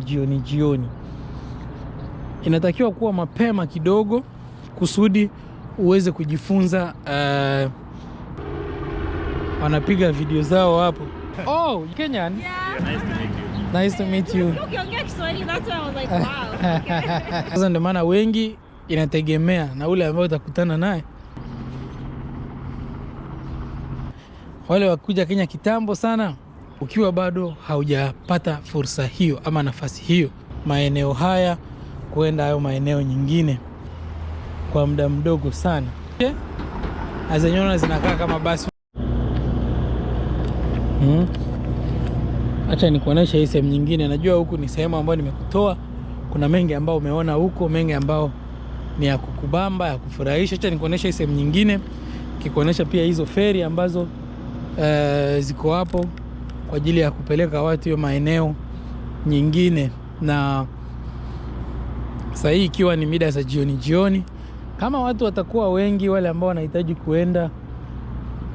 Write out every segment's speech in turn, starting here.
Jioni jioni inatakiwa kuwa mapema kidogo, kusudi uweze kujifunza. Uh, wanapiga video zao hapo. Oh, Kenyan. Nice to meet you. Sasa ndio maana wengi inategemea na ule ambaye utakutana naye. Wale wakuja Kenya kitambo sana ukiwa bado haujapata fursa hiyo ama nafasi hiyo maeneo haya, kuenda hayo maeneo nyingine kwa muda mdogo sana, zenyeona zinakaa kama basi. Hmm? Acha nikuonesha hii sehemu nyingine. Najua huku ni sehemu ambayo nimekutoa, kuna mengi ambao umeona huko, mengi ambayo ni ya kukubamba, ya kufurahisha. Acha nikuonesha hii sehemu nyingine, kikuonesha pia hizo feri ambazo uh, ziko hapo kwa ajili ya kupeleka watu hiyo maeneo nyingine, na sasa hii ikiwa ni mida za jioni jioni, kama watu watakuwa wengi wale ambao wanahitaji kuenda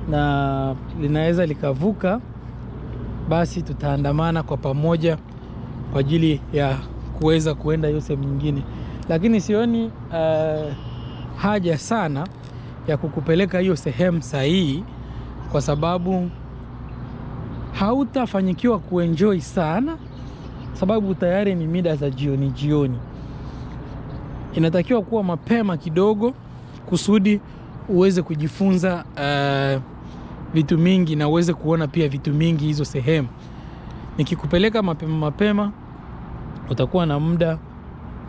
na linaweza likavuka, basi tutaandamana kwa pamoja kwa ajili ya kuweza kuenda hiyo sehemu nyingine, lakini sioni uh, haja sana ya kukupeleka hiyo sehemu sahihi kwa sababu hautafanyikiwa kuenjoy sana, sababu tayari ni mida za jioni jioni. Inatakiwa kuwa mapema kidogo kusudi uweze kujifunza uh, vitu mingi na uweze kuona pia vitu mingi hizo sehemu. Nikikupeleka mapema mapema, utakuwa na muda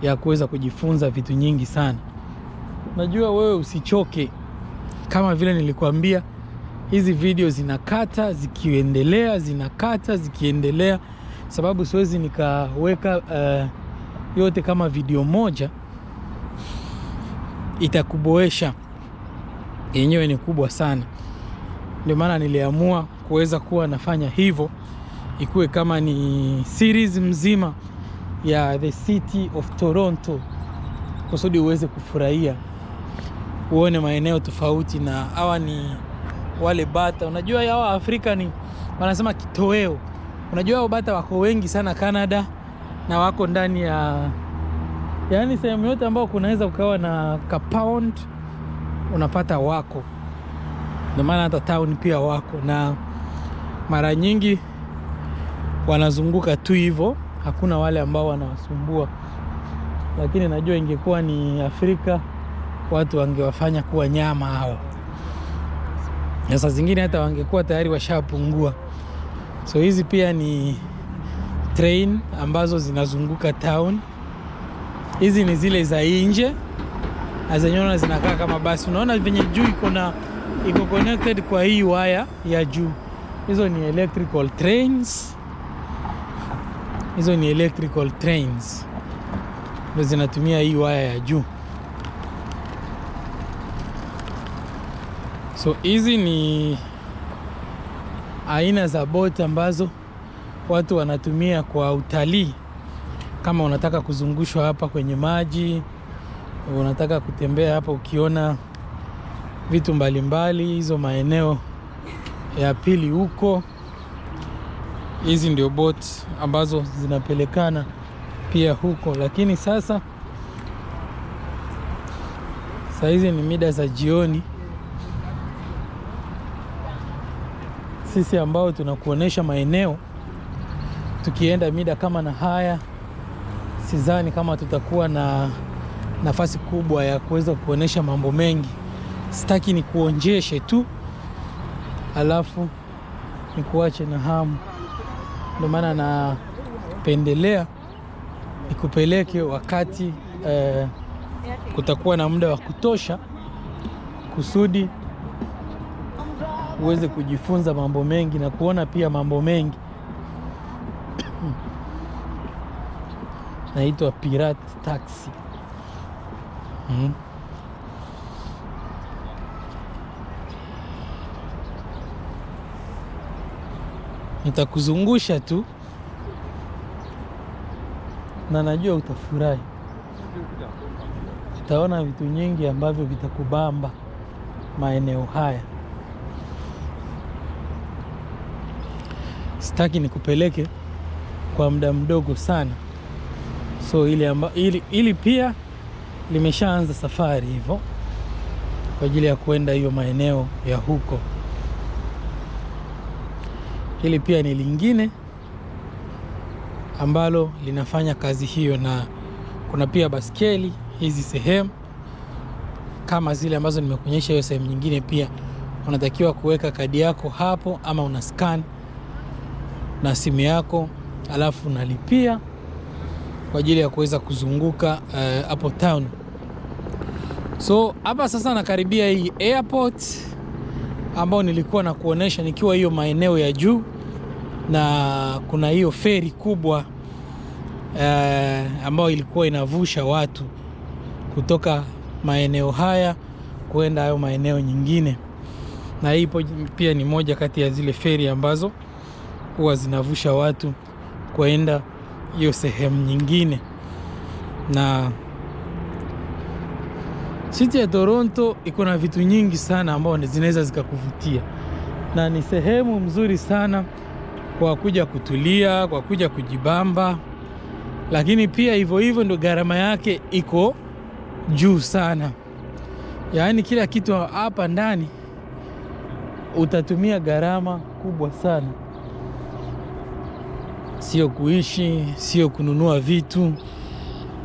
ya kuweza kujifunza vitu nyingi sana. Najua wewe usichoke, kama vile nilikwambia hizi video zinakata zikiendelea, zinakata zikiendelea, sababu siwezi nikaweka uh, yote kama video moja, itakuboesha yenyewe ni kubwa sana. Ndio maana niliamua kuweza kuwa nafanya hivyo, ikuwe kama ni series mzima ya The City of Toronto kusudi uweze kufurahia, uone maeneo tofauti, na hawa ni wale bata. Unajua hawa Afrika ni wanasema kitoweo. Unajua hao bata wako wengi sana Canada na wako ndani ya yaani sehemu yote ambayo kunaweza ukawa na compound unapata wako. Ndio maana hata town pia wako, na mara nyingi wanazunguka tu hivyo, hakuna wale ambao wanawasumbua. Lakini najua ingekuwa ni Afrika watu wangewafanya kuwa nyama hao na saa zingine hata wangekuwa tayari washapungua. So hizi pia ni train ambazo zinazunguka town. Hizi ni zile za nje azenyona zinakaa kama basi, unaona venye juu iko na iko connected kwa hii waya ya juu. Hizo ni electrical trains, hizo ni electrical trains ndio zinatumia hii waya ya juu. So hizi ni aina za boti ambazo watu wanatumia kwa utalii. Kama unataka kuzungushwa hapa kwenye maji, unataka kutembea hapa ukiona vitu mbalimbali, hizo maeneo ya pili huko. Hizi ndio boti ambazo zinapelekana pia huko, lakini sasa saa hizi ni mida za jioni. sisi ambao tunakuonesha maeneo, tukienda mida kama na haya, sidhani kama tutakuwa na nafasi kubwa ya kuweza kuonesha mambo mengi. Sitaki ni kuonjeshe tu alafu kuache na hamu, ndio maana napendelea nikupeleke wakati eh, kutakuwa na muda wa kutosha kusudi uweze kujifunza mambo mengi na kuona pia mambo mengi. Naitwa Pirate Taxi. Hmm. Nitakuzungusha tu na najua utafurahi, utaona vitu nyingi ambavyo vitakubamba maeneo haya. sitaki nikupeleke kwa muda mdogo sana, so ili, amba, ili, ili pia limeshaanza safari hivyo kwa ajili ya kuenda hiyo maeneo ya huko. Hili pia ni lingine ambalo linafanya kazi hiyo, na kuna pia baskeli hizi sehemu kama zile ambazo nimekuonyesha hiyo sehemu nyingine, pia unatakiwa kuweka kadi yako hapo ama una scan na simu yako, alafu unalipia kwa ajili ya kuweza kuzunguka eh, hapo uh, town. So hapa sasa nakaribia hii airport ambayo nilikuwa na kuonesha nikiwa hiyo maeneo ya juu, na kuna hiyo feri kubwa uh, ambayo ilikuwa inavusha watu kutoka maeneo haya kuenda hayo maeneo nyingine, na hii pia ni moja kati ya zile feri ambazo huwa zinavusha watu kwenda hiyo sehemu nyingine, na City ya Toronto iko na vitu nyingi sana ambao zinaweza zikakuvutia, na ni sehemu mzuri sana kwa kuja kutulia, kwa kuja kujibamba, lakini pia hivyo hivyo ndio gharama yake iko juu sana. Yaani kila kitu hapa ndani utatumia gharama kubwa sana sio kuishi, sio kununua vitu,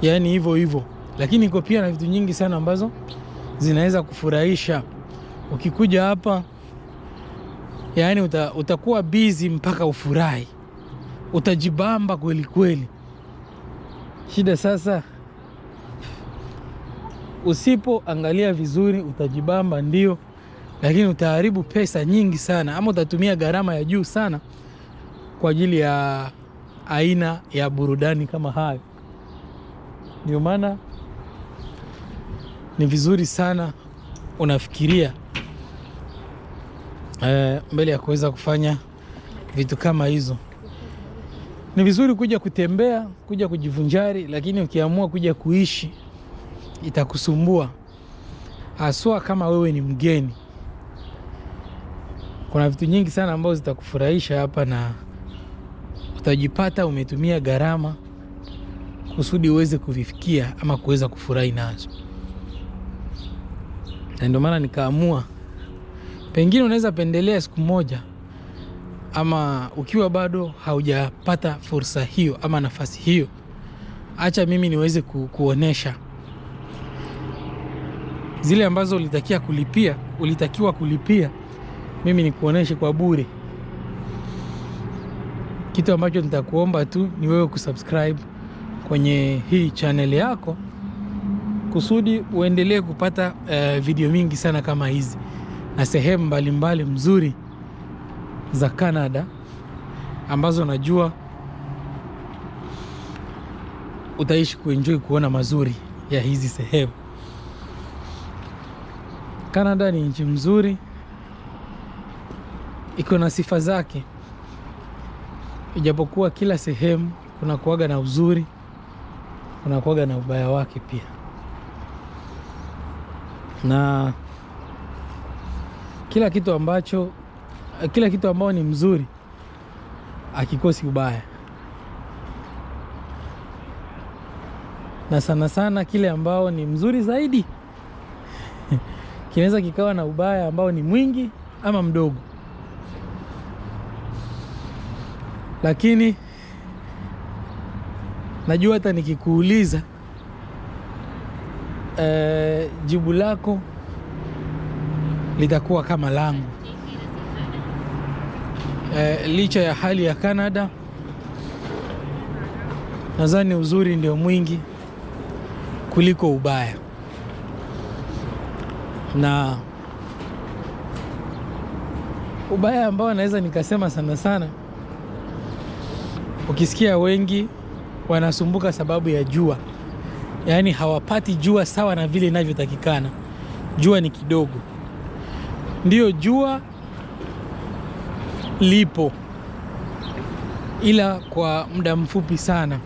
yaani hivyo hivyo. Lakini iko pia na vitu nyingi sana ambazo zinaweza kufurahisha. Ukikuja hapa, yaani uta, utakuwa busy mpaka ufurahi, utajibamba kweli kweli. Shida sasa, usipoangalia vizuri utajibamba, ndio lakini utaharibu pesa nyingi sana, ama utatumia gharama ya juu sana kwa ajili ya aina ya burudani kama hayo. Ndio maana ni vizuri sana unafikiria e, mbele ya kuweza kufanya vitu kama hizo. Ni vizuri kuja kutembea, kuja kujivunjari lakini ukiamua kuja kuishi itakusumbua, haswa kama wewe ni mgeni. Kuna vitu nyingi sana ambazo zitakufurahisha hapa na utajipata umetumia gharama kusudi uweze kuvifikia ama kuweza kufurahi nazo, na ndio maana nikaamua, pengine unaweza pendelea siku moja ama ukiwa bado haujapata fursa hiyo ama nafasi hiyo, acha mimi niweze ku, kuonesha zile ambazo ulitakia kulipia, ulitakiwa kulipia, mimi nikuoneshe kwa bure kitu ambacho nitakuomba tu ni wewe kusubscribe kwenye hii channel yako kusudi uendelee kupata uh, video mingi sana kama hizi na sehemu mbalimbali mzuri za Canada ambazo najua utaishi kuenjoy kuona mazuri ya hizi sehemu. Canada ni nchi mzuri, iko na sifa zake ijapokuwa kila sehemu kuna kuaga na uzuri, kuna kuaga na ubaya wake pia. Na kila kitu ambacho, kila kitu ambao ni mzuri akikosi ubaya, na sana sana kile ambao ni mzuri zaidi kinaweza kikawa na ubaya ambao ni mwingi ama mdogo. lakini najua hata nikikuuliza e, jibu lako litakuwa kama langu. E, licha ya hali ya Canada, nadhani uzuri ndio mwingi kuliko ubaya, na ubaya ambao naweza nikasema sana sana Ukisikia wengi wanasumbuka sababu ya jua, yaani hawapati jua sawa na vile inavyotakikana. Jua ni kidogo, ndiyo jua lipo, ila kwa muda mfupi sana,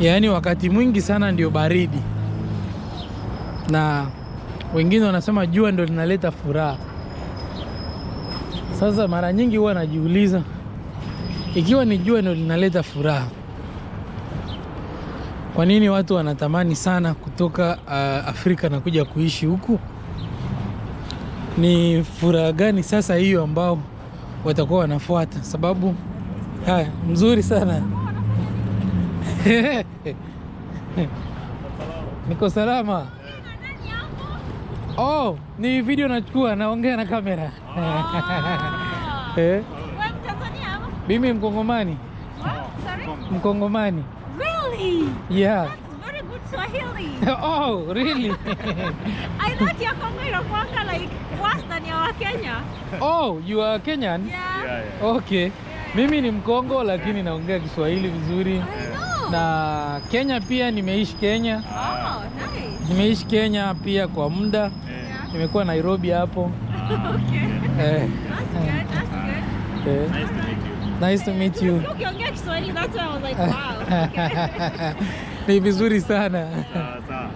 yaani wakati mwingi sana ndio baridi, na wengine wanasema jua ndio linaleta furaha. Sasa mara nyingi huwa najiuliza ikiwa ni jua ndio linaleta furaha, kwa nini watu wanatamani sana kutoka uh, Afrika na kuja kuishi huku? Ni furaha gani sasa hiyo ambao watakuwa wanafuata? Sababu haya mzuri sana niko salama. Oh, ni video nachukua, naongea na kamera. Eh? Mimi Mkongomani. Wow, sorry? Mkongomani. Really? Yeah. That's very good Swahili. Oh, really? I thought your Congo inakuanga like worse than your Kenya. Oh, you are Kenyan? Yeah. yeah, yeah. Okay. Yeah, yeah. Mimi ni Mkongo lakini naongea Kiswahili vizuri. I know. Na Kenya pia nimeishi Kenya. Oh, nice. Nimeishi Kenya pia kwa muda. Yeah. Nimekuwa Nairobi hapo. Okay. Eh. That's good. That's good. Eh. Nice. Nice to meet you. Ukiongea Kiswahili, that's why I was like, wow. Ni vizuri sana. Ah, ah,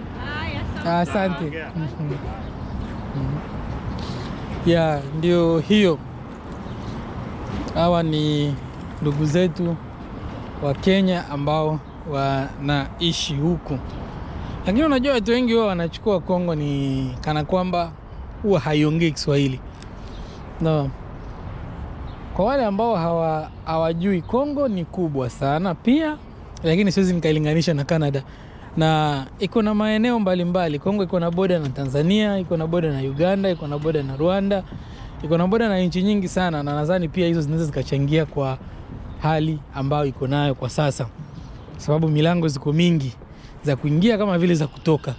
ah, asante. Ya, mm-hmm. mm-hmm. ndio hiyo. Hawa ni ndugu zetu wa Kenya ambao wanaishi huku, lakini unajua watu wengi wao wanachukua Kongo ni kana kwamba huwa haiongei Kiswahili no. Kwa wale ambao hawajui Kongo ni kubwa sana pia, lakini siwezi nikailinganisha na Canada na iko na maeneo mbalimbali. Kongo iko na boda na Tanzania, iko na boda na Uganda, iko na boda na Rwanda, iko na boda na nchi nyingi sana, na nadhani pia hizo zinaweza zikachangia kwa hali ambayo iko nayo kwa sasa, sababu milango ziko mingi za kuingia kama vile za kutoka,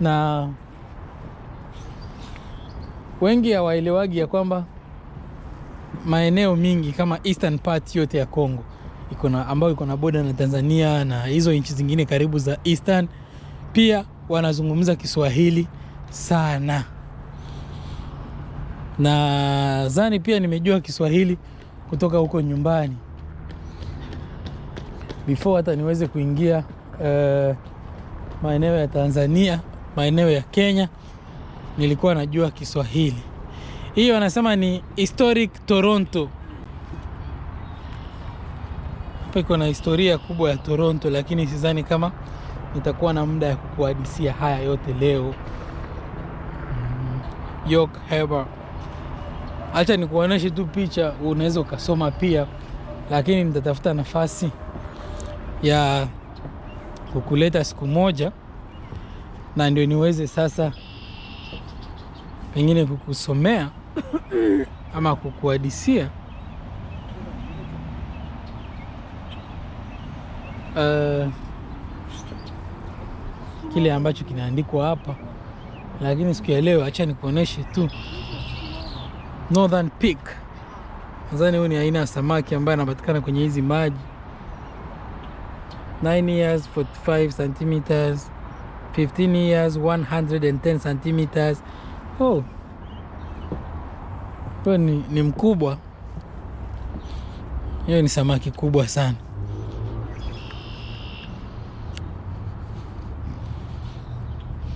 na wengi hawaelewagi ya kwamba maeneo mingi kama eastern part yote ya Congo iko na ambayo iko na boda na Tanzania na hizo nchi zingine karibu za eastern, pia wanazungumza Kiswahili sana, na zani pia nimejua Kiswahili kutoka huko nyumbani before hata niweze kuingia uh, maeneo ya Tanzania, maeneo ya Kenya nilikuwa najua Kiswahili. Hiyo wanasema ni historic Toronto. Hapa iko na historia kubwa ya Toronto, lakini sidhani kama nitakuwa na muda ya kukuhadisia haya yote leo. Mm, York Harbor, acha nikuoneshe tu picha, unaweza ukasoma pia, lakini nitatafuta nafasi ya kukuleta siku moja, na ndio niweze sasa pengine kukusomea ama kukuhadisia uh, kile ambacho kinaandikwa hapa, lakini siku ya leo acha nikuoneshe tu Northern Peak. Nadhani huyu ni aina ya samaki ambaye anapatikana kwenye hizi maji 9 years 45 centimeters 15 years 110 centimeters. Oh. Kwa ni, ni mkubwa. Hiyo ni samaki kubwa sana.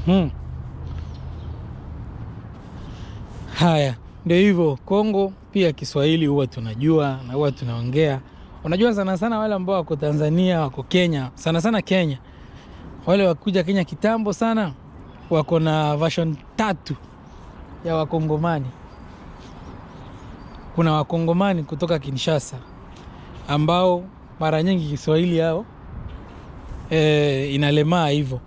Hmm. Haya, ndio hivyo. Kongo pia Kiswahili huwa tunajua na huwa tunaongea. Unajua sana sana wale ambao wako Tanzania, wako Kenya, sana sana Kenya. Wale wakuja Kenya kitambo sana wako na vashon tatu ya Wakongomani kuna wakongomani kutoka Kinshasa ambao mara nyingi Kiswahili yao e, eh, inalemaa hivyo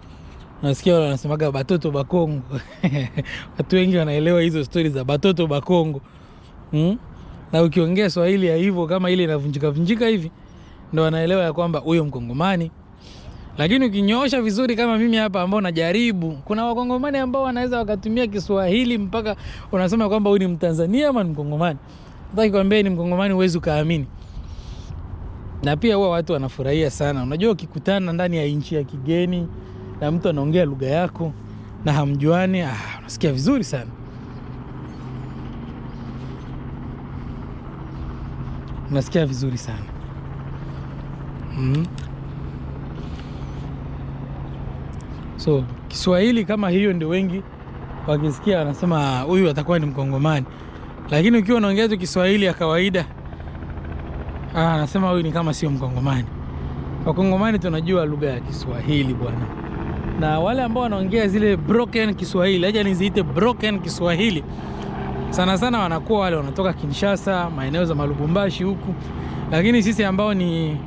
nasikia wanasemaga batoto bakongo watu wengi wanaelewa hizo stori za batoto bakongo mm? na ukiongea Swahili ya hivyo kama ile inavunjika vunjika hivi ndo wanaelewa ya kwamba huyo Mkongomani. Lakini ukinyoosha vizuri kama mimi hapa ambao najaribu, kuna Wakongomani ambao wanaweza wakatumia Kiswahili mpaka unasema kwamba huyu ni Mtanzania ama ni Mkongomani. Nataka nikwambie ni mkongomani huwezi ukaamini. Na pia huwa watu wanafurahia sana. Unajua ukikutana ndani ya nchi ya kigeni na mtu anaongea lugha yako na hamjuani, ah, unasikia vizuri sana. Unasikia vizuri sana. Mm. So Kiswahili kama hiyo ndio wengi wakisikia wanasema ah, huyu atakuwa ni Mkongomani lakini ukiwa unaongea tu Kiswahili ya kawaida ah, anasema huyu ni kama sio Mkongomani. Wakongomani tunajua lugha ya Kiswahili bwana, na wale ambao wanaongea zile broken Kiswahili, haja niziite broken Kiswahili, sana sana wanakuwa wale wanatoka Kinshasa, maeneo za Malubumbashi huku, lakini sisi ambao ni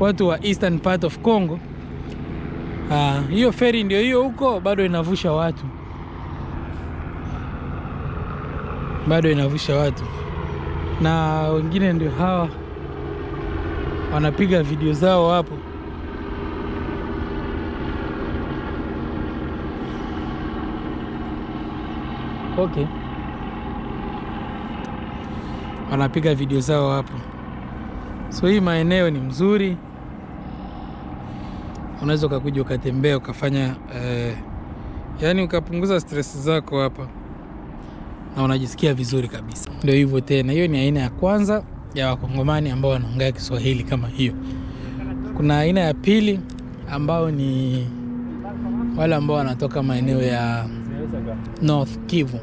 watu wa eastern part of Congo, ah, hiyo feri ndio hiyo huko bado inavusha watu. bado inavusha watu, na wengine ndio hawa wanapiga video zao hapo. Okay, wanapiga video zao hapo. So hii maeneo ni mzuri, unaweza ukakuja ukatembea ukafanya eh, yaani ukapunguza stress zako hapa na unajisikia vizuri kabisa. Ndio hivyo tena, hiyo ni aina ya kwanza ya wakongomani ambao wanaongea Kiswahili kama hiyo. Kuna aina ya pili ambao ni wale ambao wanatoka maeneo ya North Kivu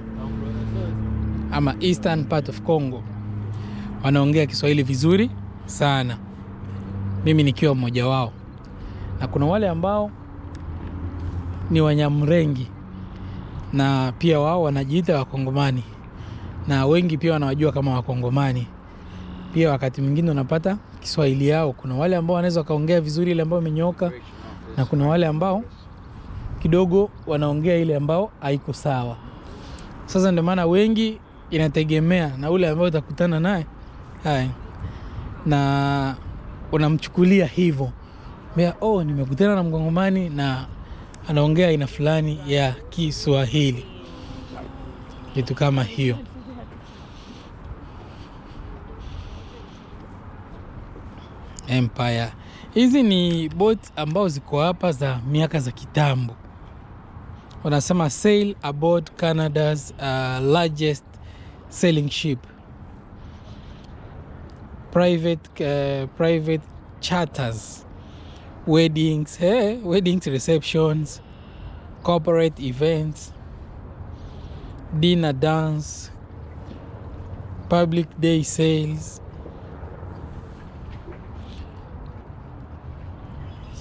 ama Eastern part of Congo, wanaongea Kiswahili vizuri sana, mimi nikiwa mmoja wao, na kuna wale ambao ni Wanyamrengi na pia wao wanajiita Wakongomani na wengi pia wanawajua kama Wakongomani. Pia wakati mwingine unapata Kiswahili yao, kuna wale ambao wanaweza wakaongea vizuri ile ambayo imenyooka, na kuna wale ambao kidogo wanaongea ile ambao haiko sawa. Sasa ndio maana wengi inategemea na ule ambao utakutana naye haya, na unamchukulia hivyo mbea, oh, nimekutana na Mkongomani na anaongea aina fulani ya Kiswahili, kitu kama hiyo. Empire hizi ni boat ambao ziko hapa za miaka za kitambo. Wanasema sail aboard Canada's uh, largest sailing ship private, uh, private charters weddings, hey, eh, weddings receptions, corporate events, dinner dance, public day sales.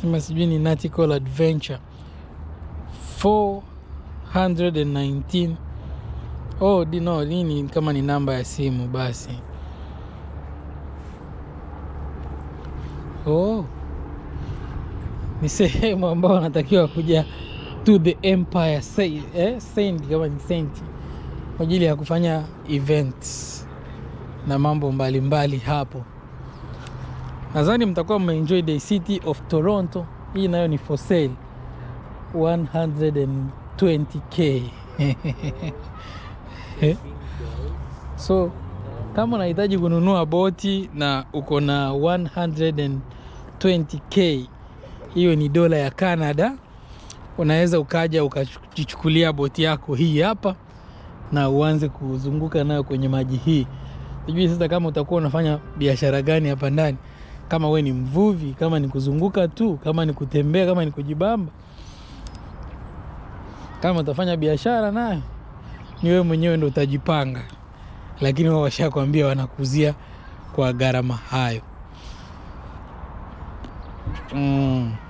sima sijui ni nautical adventure 419 oh, dino nini kama ni namba ya simu basi oh. ni sehemu ambayo wanatakiwa kuja to the Empire Sand, eh, Sand kama ni Sand kwa ajili ya kufanya events na mambo mbalimbali mbali hapo. Nadhani mtakuwa mmeenjoy the city of Toronto. Hii nayo ni for sale 120k. Eh? So kama unahitaji kununua boti na uko na 120k hiyo ni dola ya Canada. Unaweza ukaja ukajichukulia boti yako hii hapa na uanze kuzunguka nayo kwenye maji hii. Sijui sasa kama utakuwa unafanya biashara gani hapa ndani, kama we ni mvuvi, kama ni kuzunguka tu, kama ni kutembea, kama ni kujibamba, kama utafanya biashara nayo ni wewe mwenyewe ndo utajipanga, lakini wao washakwambia wanakuzia kwa gharama hayo. 嗯。